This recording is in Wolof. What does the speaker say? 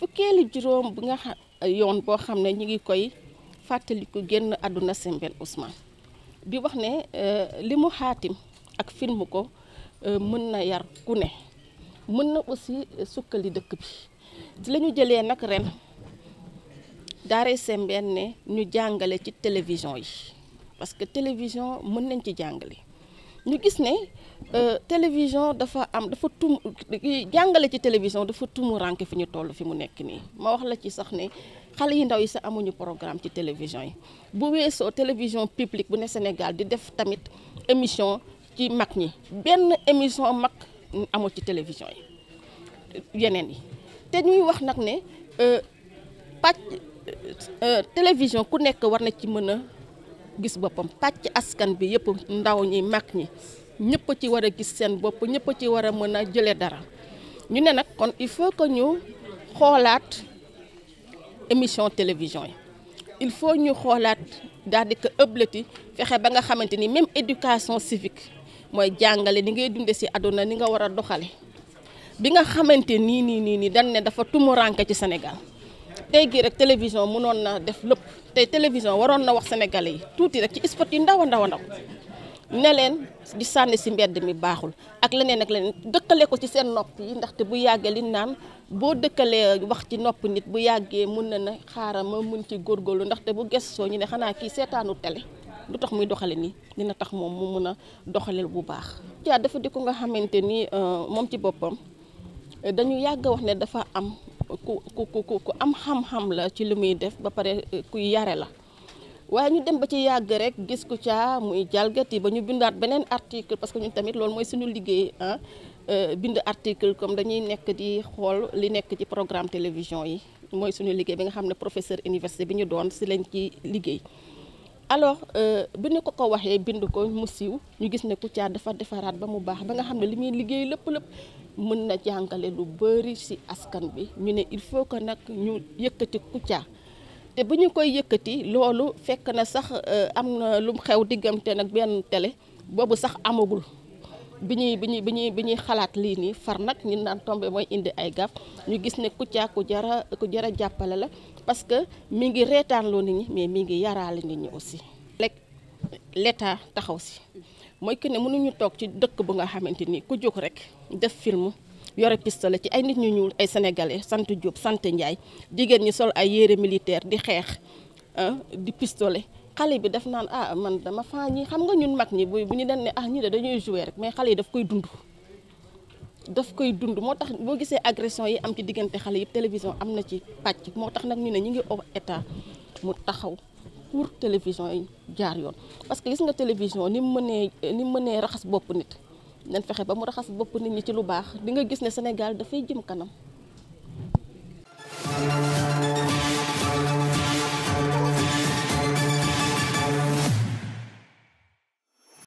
fukkeeli juróom bi nga xam yoon boo xam ne ñu ngi koy fàttaliku génn àdduna Sembène Ousmane bi wax ne euh, li mu xaatim ak film ko euh, mën na yar ku ne mën na aussi sukkali dëkk bi ci la ñu jëlee nag ren daare Sembène ne ñu jàngale ci télévision yi parce que télévision mën nañ ci jàngale ñu gis ne euh, télévision dafa am dafa tum jàngale ci télévision dafa tumu ranke fi ñu toll fi mu nekk nii ma wax la ci sax ne xale yi ndaw yi sax amuñu programme ci télévision yi bu weesoo télévision publique bu ne Sénégal di def tamit émission ci mag ñi benn émission mag amul ci télévision yi yeneen yi te ñuy wax nag ne euh, pàcc euh, télévision ku nekk war na ci mën a gis boppam pàcc askan bi yëpp ndaw ñi mag ñi ñëpp ci war a gis seen bopp ñëpp ci war a mën a jëlee dara ñu ne nag kon il faut que ñu xoolaat émission télévision yi il faut ñu xoolaat daal di ko ëblati fexe ba nga xamante ni même éducation civique mooy jàngale ni ngay dunde si àdduna ni nga war a doxale bi nga xamante nii nii nii nii dañ ne dafa tumuranke ci Sénégal tey gii rek télévision mënoon na def lépp tey télévision waroon na wax sénégalais yi tuuti rek ci spot yi ndaw a ndaw a ndaw ne leen di sànni si mbedd mi baaxul ak leneen ak leneen dëkkale ko ci seen nopp yi ndaxte bu yàggee li naan boo dëkkalee wax ci nopp nit bu yàggee mun na na xaaral ma mun ci góorgóorlu ndaxte bu soo ñu ne xanaa kii seetaanu télé lu tax muy doxale nii dina tax moom mu mun a doxaleel bu baax. ja dafa di ko nga xamante ni euh, moom ci boppam yàgg wax ne dafa am. ku ku ku am xam-xam la ci li muy def ba pare eh, kuy yare la waaye ñu dem ba ci yàgg rek gis ku caa muy jalgati ba ñu bindaat beneen article parce que ñun tamit loolu mooy suñu liggéey ah eh, bind article comme dañuy nekk di xool li nekk ci programme télévision yi mooy suñu liggéey bi nga xam ne professeur université bi ñu doon si lañ ci liggéey alors euh, bi ñu ko ko waxee bind ko mu siiw ñu gis ne Kouthia dafa defaraat ba mu baax ba nga xam ne li muy liggéey lépp lëpp mën na jàngale lu bëri ci askan bi ñu ne il faut que nag ñu yëkkati Kouthia te bu ñu koy yëkkati loolu fekk na sax euh, am na lu xew diggante nag benn tele boobu sax amagul. bi ñuy bi ñuy bi ñuy bi ñuy xalaat lii nii far nag ñun naan tombé mooy indi ay gaf ñu gis ne Kouthia ku jara ku jara jàppale la parce que mi ngi reetaanloo nit ñi mais mi ngi yaraale nit ñi aussi. lekk l'état taxaw si mooy que ne mënuñu toog ci dëkk bu nga xamante ni ku jóg rek def film. yore pistolet ci ay nit ñu ñuul ay sénégalais sant Diop sant Ndiaye jigéen ñi sol ay yére militaire di xeex ah, di pistolet xale bi daf naan ah man dama faa ñi xam nga ñun mag ñi bu bu ñu den ne ah ñi de dañuy jouer rek mais xale yi daf koy dund daf koy dund moo tax boo gisee agression yi am ci diggante xale yëpp télévision am na ci pàcc moo tax nag ñu ne ñu ngi o état mu taxaw pour télévision yi jaar yoon parce que gis nga télévision ni mu mënee ni mu mënee raxas bopp nit nañ fexe ba mu raxas bopp nit ñi ci lu baax di nga gis ne Sénégal dafay jëm kanam